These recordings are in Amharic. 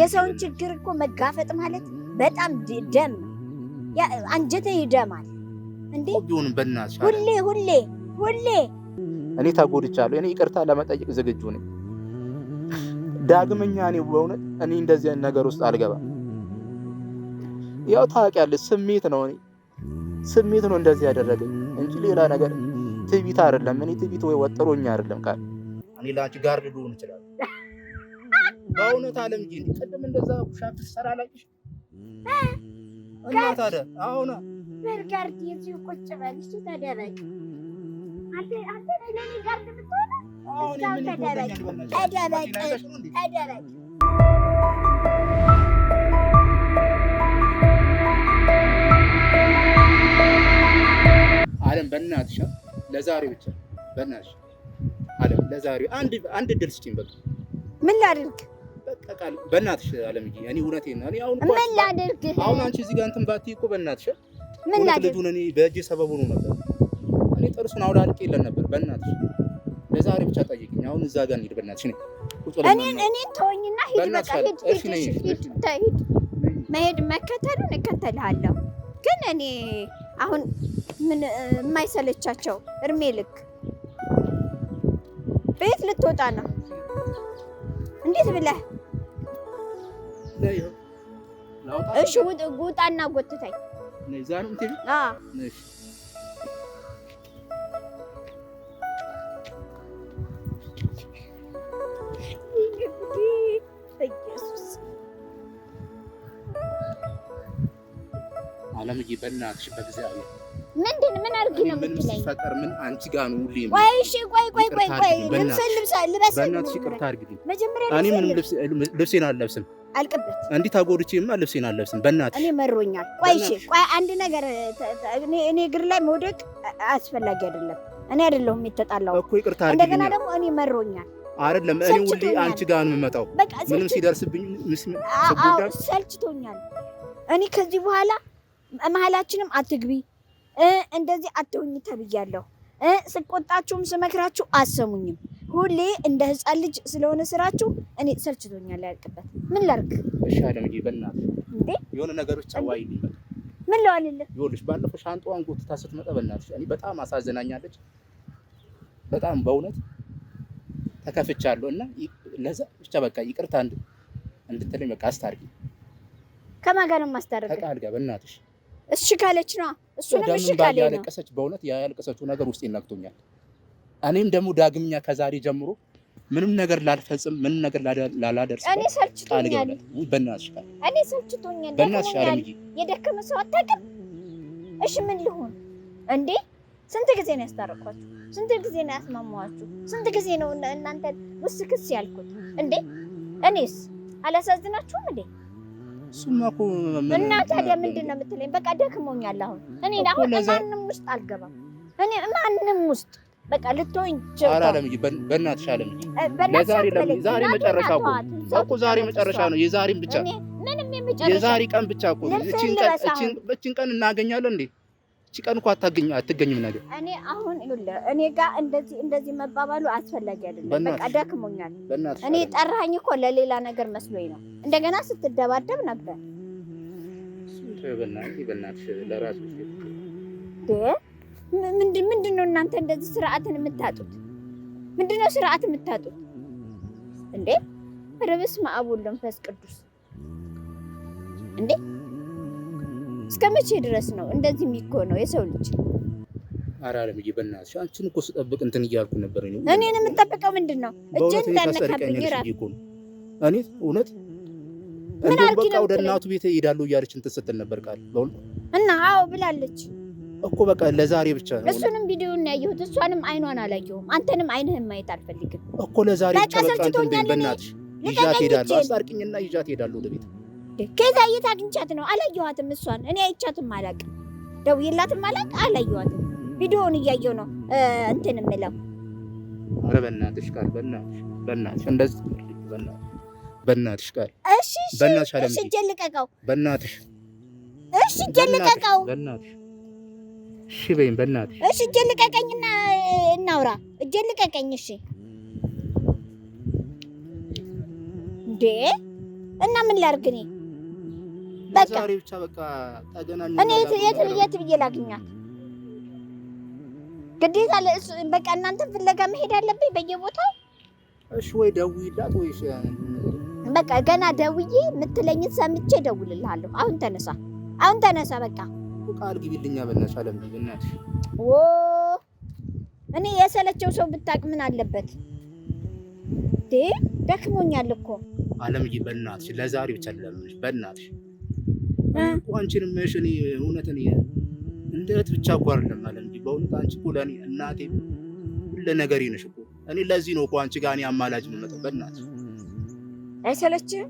የሰውን ችግር እኮ መጋፈጥ ማለት በጣም ደም አንጀተ ይደማል እንዴ! ሁሌ ሁሌ ሁሌ እኔ ተጎድቻለሁ። እኔ ይቅርታ ለመጠየቅ ዝግጁ ነኝ። ዳግመኛ እኔ በእውነት እኔ እንደዚህ ነገር ውስጥ አልገባም። ያው ታውቂያለሽ፣ ስሜት ነው እኔ ስሜት ነው እንደዚህ ያደረገኝ እንጂ ሌላ ነገር ትቢት አይደለም። እኔ ትቢት ወይ ወጥሮኝ አይደለም ካለ እኔ ላንቺ ጋር ልሆን እችላለሁ በእውነት አለም ጊዜ ቅድም እንደዛ ፑሻፕ ትሰራ ላይሽ እና ታዲያ አሁን በርጋርድ የዚህ ቁጭ በል እሺ፣ ተደረግ አንተ አንተ ለኔ ልምትሆነ አሁን ምን ተደረግ ተደረግ ተደረግ አለም በእናትሽ ለዛሬ ብቻ በእናትሽ አለም ለዛሬ አንድ አንድ ድል ስጪኝ በቃ ምን ላድርግ ይለቀቃል። በእናትሽ አለምዬ፣ እኔ እውነቴን ነው። እኔ አሁን ምን ላድርግ? አሁን አንቺ እዚህ ጋር እንትን ባትይ እኮ በእናትሽ ምን ላድርግ? እኔ በእጄ ሰበብ ሆኖ ነበር። እኔ ጥርሱን አውላልቄ የለን ነበር። በእናትሽ ለዛሬ ብቻ ጠይቅኝ። አሁን እዛ ጋር እንሂድ በእናትሽ። እኔ እኔን እኔን ተወኝና ሂድ፣ በቃ ሂድ፣ ሂድ፣ ሂድ። መሄድ መከተሉን እከተልሃለሁ፣ ግን እኔ አሁን ምን የማይሰለቻቸው እድሜ ልክ ቤት ልትወጣ ነው። እንዴት ብለህ እሺ ውጣና ጎትታኝ። አለምዬ በእናትሽ በእግዚአብሔር ምንድን ምን አድርጊ ነው የምትለኝ? ምን አንቺ ጋር ነው ሁሌ? ቆይ እሺ፣ ቆይ ቆይ ቆይ ቆይ ልብስ ልብስ ልበስ። በእናትሽ ይቅርታ አድርጊልኝ። መጀመሪያ እኔ ምንም ልብስ ልብሴን አልለብስም አልቅበት እንዲህ ታጎድቼማ ልብሴን አለብስም። በእናትሽ እኔ መሮኛል። ቆይ እሺ፣ ቆይ አንድ ነገር እኔ እግር ላይ መውደቅ አስፈላጊ አይደለም። እኔ አይደለሁም የተጣላው እኮ ይቅርታ። እንደገና ደግሞ እኔ መሮኛል አይደለም። እኔ ሁሌ አንቺ ጋር ነው የምመጣው። ምንም ሲደርስብኝ ሰልችቶኛል። እኔ ከዚህ በኋላ መሀላችንም አትግቢ እንደዚህ አትሆኝ ተብያለሁ። ስቆጣችሁም ስመክራችሁ አሰሙኝም። ሁሌ እንደ ህፃን ልጅ ስለሆነ ስራችሁ እኔ ሰልችቶኛል። ያልቅበት ምን ላርግ? እሺ አለምዬ፣ በእናትሽ እንዴ የሆነ ነገሮች አዋይ ነው ምን ለዋልልህ? ይኸውልሽ ባለፈው ሻንጣዋን ጎትታ ስትመጣ በእናትሽ እኔ በጣም አሳዘናኛለች። በጣም በእውነት ተከፍቻለሁ እና ለዛ ብቻ በቃ ይቅርታ እንድትለኝ በቃ አስታርቂ። ከማን ጋር ነው የማስታርቅ? ከቃል ጋር በእናትሽ። እሺ ካለች ነው እሱንም እሺ ካለች ነው። ያለቀሰች በእውነት ያለቀሰችው ነገር ውስጥ ይናግቶኛል። እኔም ደግሞ ዳግምኛ ከዛሬ ጀምሮ ምንም ነገር ላልፈጽም፣ ምንም ነገር ላላደርስ። እኔ ሰልችቶኛል፣ በእናትሽ ቃል እኔ ሰልችቶኛል፣ በእናትሽ ቃል የደከመ ሰው አታውቅም። እሺ ምን ልሆን እንዴ? ስንት ጊዜ ነው ያስታረኳችሁ? ስንት ጊዜ ነው ያስማማኋችሁ? ስንት ጊዜ ነው እናንተ ክስ ያልኩት እንዴ? እኔስ አላሳዝናችሁም እንዴ? እሱማ እኮ ነው የምትለኝ? በቃ ደክሞኛል አሁን እኔ አሁን ማንም ውስጥ አልገባም። እኔ ማንም ውስጥ በቃ ልትሆኝ በእናትሽ አለም ለዛሬ ለምን ዛሬ መጨረሻ እኮ ዛሬ መጨረሻ ነው። የዛሬን ብቻ የዛሬ ቀን ብቻ እኮ እችን ቀን እናገኛለን እንዴ? እቺ ቀን እኮ አትገኝም ነገር እኔ አሁን ይኸውልህ እኔ ጋር እንደዚህ እንደዚህ መባባሉ አስፈላጊ አይደለም። በቃ ደክሞኛል። እኔ ጠራኸኝ እኮ ለሌላ ነገር መስሎኝ ነው። እንደገና ስትደባደብ ነበር። በእናትሽ ለራስሽ ምንድን ነው እናንተ እንደዚህ ስርዓትን የምታጡት? ምንድን ነው ስርዓት የምታጡት እንዴ? ኧረ በስመ አብ ወወልድ ወመንፈስ ቅዱስ እንዴ! እስከ መቼ ድረስ ነው እንደዚህ የሚኮነው የሰው ልጅ? ኧረ አለምዬ በእናትሽ አንቺን እኮ ስጠብቅ እንትን እያልኩ ነበር። እኔን የምጠብቀው ምንድን ነው? እጄን እንዳነካብኝ እራሱ እኔ እውነት ምን አልኪ ወደ እናቱ ቤት እሄዳለሁ እያለች እንትን ስትል ነበር ቃል እና አዎ ብላለች እኮ በቃ ለዛሬ ብቻ ነው። እሱንም ቪዲዮ ያየሁት እሷንም አይኗን አላየሁም። አንተንም አይንህን ማየት አልፈልግም እኮ ለዛሬ ጨበጫንትን በናትሽ ይዣት ሄዳለሁ። አስታርቅኝና ይዣት ሄዳለሁ ወደ ቤት። ከዛ የት አግኝቻት ነው? አላየኋትም። እሷን እኔ አይቻትም አላቅም፣ ደውዬላትም አላቅ አላየኋትም። ቪዲዮውን እያየሁ ነው እንትን የምለው። ኧረ በናትሽ ቃል፣ በናትሽ በናትሽ፣ እንደዚህ በናትሽ በናትሽ ቃል። እሺ እሺ እሺ፣ እጄን ልቀቀው በናትሽ። እሺ እጄን ልቀቀው በናትሽ እሺ በይም በእናትሽ። እሺ እጄን ልቀቀኝና እናውራ። እጄን ልቀቀኝ። እሺ እንዴ! እና ምን ላድርግ እኔ? በቃ ብቻ በቃ ታገናኝ። እኔ የት የት ብዬ ላግኛት? ግዴታ በቃ እናንተን ፍለጋ መሄድ አለብኝ በየቦታው። እሺ ወይ ደውይላት ወይ እሺ በቃ ገና ደውዬ የምትለኝን ሰምቼ ደውልልሃለሁ። አሁን ተነሳ፣ አሁን ተነሳ በቃ ቃል ግቢልኛ በእናትሽ አለም በእናትሽ ኦ እኔ የሰለቸው ሰው ብታቅ ምን አለበት ዴ ደክሞኛል እኮ አለምዬ፣ በእናትሽ ለዛሬ ብቻ ለምንሽ በእናትሽ አንቺንም እሺ፣ እኔ እውነት እንደ እህት ብቻ እኮ አይደለም አለምዬ፣ በእውነት አንቺ እኮ ለእኔ እናቴ ሁሉ ነገር ነሽ እኮ። እኔ ለዚህ ነው እኮ አንቺ ጋር እኔ አማላጅ የምመጣው። በእናትሽ አይሰለችም?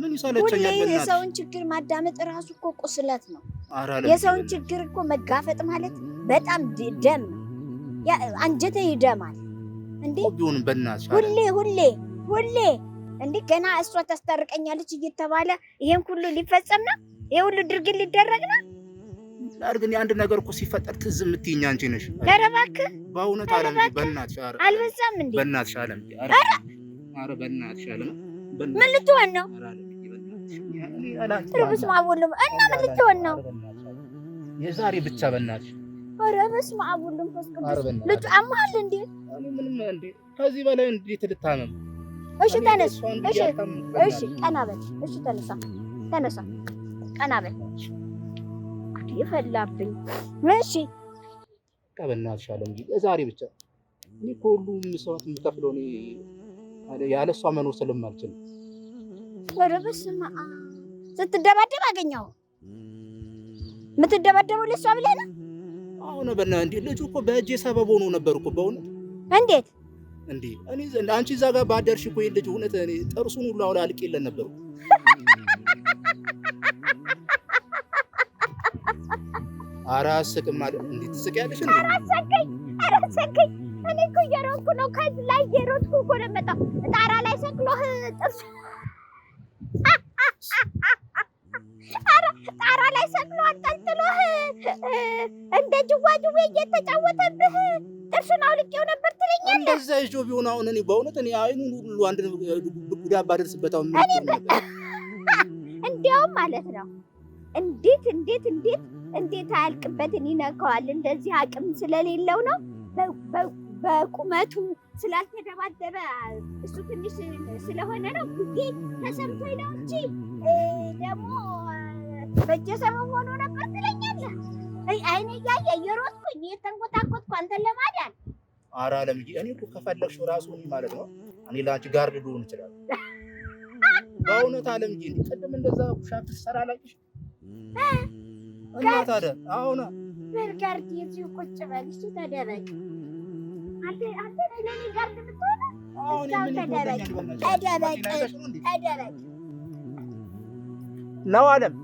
ምን ይሰለችኛል? ሁሌ የሰውን ችግር ማዳመጥ ራሱ እኮ ቁስለት ነው። የሰውን ችግር እኮ መጋፈጥ ማለት በጣም ደም አንጀተ ይደማል እንዴ! ሁሌ ሁሌ ሁሌ እንዴ ገና እሷ ታስታርቀኛለች እየተባለ ይሄን ሁሉ ሊፈጸም ነው? ይሄ ሁሉ ድርግን ሊደረግ ነው? ግን የአንድ ነገር እኮ ሲፈጠር ትዝ የምትይኝ አንቺ ነሽ። ኧረ እባክህ በእውነት አለም በእናትሽ አልበዛም እንዴ? በእናትሽ አለም ኧረ በእናትሽ አለም ምን ልትሆን ነው? በስመ አብ ሁሉም እና ምን ልትሆን ነው? የዛሬ ብቻ በእናትሽ ኧረ በስመ አብ ሁሉም ልጁ አመሀል እንዴ? ከዚህ በላይ እንዴት ልታመም? እሺ ተነስ፣ እሺ ቀና በል፣ እሺ ተነሳ፣ ተነሳ፣ ቀና በል። ይፈላብኝ። እሺ በእናትሽ አለም እንጂ የዛሬ ብቻ እኔ ከሁሉም ሰዋት የምከፍለው እኔ ያለ እሷ መኖር ስለማልችል ኧረ በስመ አብ ስትደባደብ አገኘው። የምትደባደበው ለሷ ብለህ ነው? አሁን በና እንዴ፣ ልጁ እኮ በእጄ ሰበብ ሆኖ ነበር እኮ በእውነት። እንዴት እንዴ? እኔ አንቺ እዛ ጋር ባደርሽ እኮ ልጅ እውነት እኔ ጥርሱን ሁሉ አውላ አልቅ የለን ነበር ኧረ አስቅም ማለት እንዴ? ትስቂያለሽ እንዴ? ኧረ አሳቀኝ፣ ኧረ አሳቀኝ። እኔ እኮ እየሮጥኩ ነው፣ ከዚህ ላይ እየሮጥኩ እኮ ነው የመጣው። ጣራ ላይ ሰቅሎህ ጥርሱ ጅዋጅዌ እየተጫወተብህ ጥርሱን አውልቄው ነበር ትለኛለህ። እንደዛ ይዤው ቢሆን አሁን እኔ በእውነት እኔ አይኑን ሁሉ አንድ ጉዳት ባደርስበት አሁን እንዲያውም ማለት ነው እንዴት እንዴት እንዴት እንዴት አያልቅበትን ይነካዋል። እንደዚህ አቅም ስለሌለው ነው በቁመቱ ስላልተደባደበ እሱ ትንሽ ስለሆነ ነው ብዬ ተሰምቶኝ ነው እንጂ ደግሞ በጀሰበብ ሆኖ ነበር ትለኛለህ። አይኔ እያየ እየሮጥኩኝ እየተንቆጣቆጥኩ አንተን ለማዳን ኧረ አለምዬ፣ እኔ እኮ ከፈለግሽው እራሱ ማለት ነው እኔ ለአንቺ ጋርድ ልሆን እችላለሁ። በእውነት አለምዬ፣ ቅድም እንደዛ ፑሻፕ ስትሰራ አላየሽ እና ታዲያ አሁን በርጋርድ የዚህ ቁጭ በል እሱ አንተ አንተ ለኔ ጋርድ ብትሆነ ተደረግ ነው አለም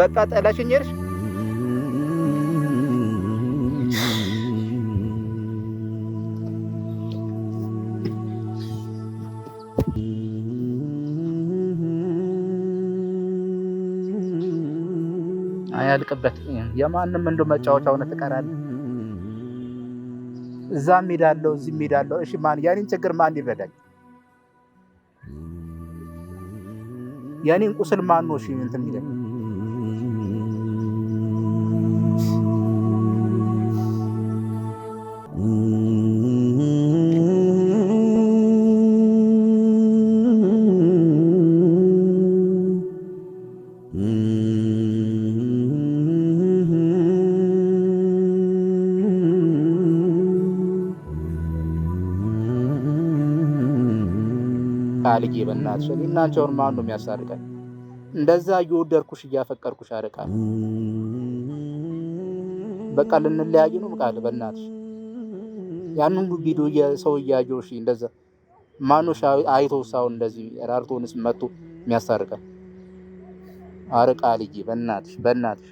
በቃ ጠላሽ ሄድሽ። አያልቅበት የማንም እንደው መጫወቻ ሆነ ትቀራለህ። እዛም ሄዳለሁ እዚህም ሄዳለሁ። እሺ ማን ያኔን ችግር ማን ይረዳኝ? ያኔን ቁስል ማን ነው? እሺ እንትን ይለኝ ቃልዬ በእናትሽ እኔና አንቺ አሁን ማን ነው የሚያሳርቀን? እንደዛ እየወደድኩሽ እያፈቀርኩሽ አርቃል በቃ ልንለያይ ነው በቃ በእናትሽ ያንን ቪዲዮ የሰው እያየው እሺ፣ እንደዛ ማኖሽ አይቶ ሳው እንደዚህ ራርቶንስ መጥቶ የሚያሳርቀን? አረ ቃልዬ በእናትሽ በእናትሽ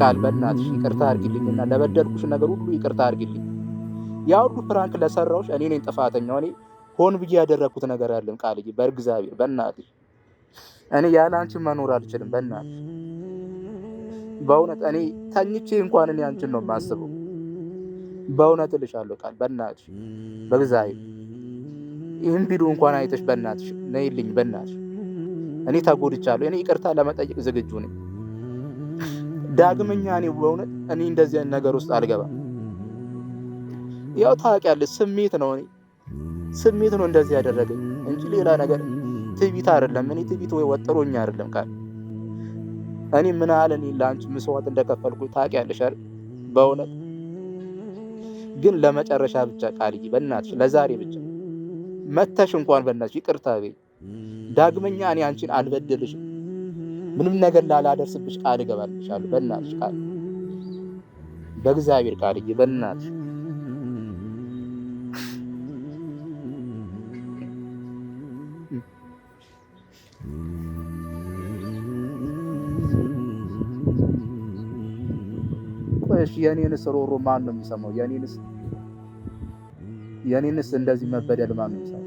ቃል በእናትሽ ይቅርታ እና ለበደልኩሽ ነገር ሁሉ ይቅርታ አድርጊልኝ። ያ ሁሉ ፍራንክ ለሰራሁሽ እኔ ነኝ ጥፋተኛው። እኔ ሆን ብዬ ያደረግኩት ነገር ያለም ቃልዬ፣ በእግዚአብሔር በእናትሽ እኔ ያለ አንቺ መኖር አልችልም። በእናትሽ በእውነት እኔ ተኝቼ እንኳን እኔ አንቺን ነው የማስበው። በእውነት እልሻለሁ ቃል በእናትሽ በእግዚአብሔር ይህን ቢሉ እንኳን አይተሽ በእናትሽ ነይልኝ። በእናትሽ እኔ ተጎድቻለሁ። እኔ ይቅርታ ለመጠየቅ ዝግጁ ነኝ። ዳግመኛ እኔ በእውነት እኔ እንደዚህ አይነት ነገር ውስጥ አልገባም። ያው ታውቂያለሽ፣ ስሜት ነው እኔ ስሜት ነው እንደዚህ ያደረገኝ እንጂ ሌላ ነገር ትቢት አይደለም። እኔ ትቢት ወይ ወጥሮኝ አይደለም ካል እኔ ምን አለ እኔ ለአንቺ መስዋዕት እንደከፈልኩ ታውቂያለሽ አይደል? በእውነት ግን ለመጨረሻ ብቻ ቃልዬ፣ በእናትሽ ለዛሬ ብቻ መተሽ እንኳን በእናትሽ ይቅርታ ቤ ዳግመኛ እኔ አንቺን አልበድልሽም። ምንም ነገር ላላደርስብሽ ቃል እገባልሻለሁ። በእናትሽ ቃል በእግዚአብሔር ቃል ይ በእናትሽ ቆይሽ። የኔንስ ሮሮ ማን ነው የሚሰማው? የኔንስ የኔንስ እንደዚህ መበደል ማን ነው የሚሰማው?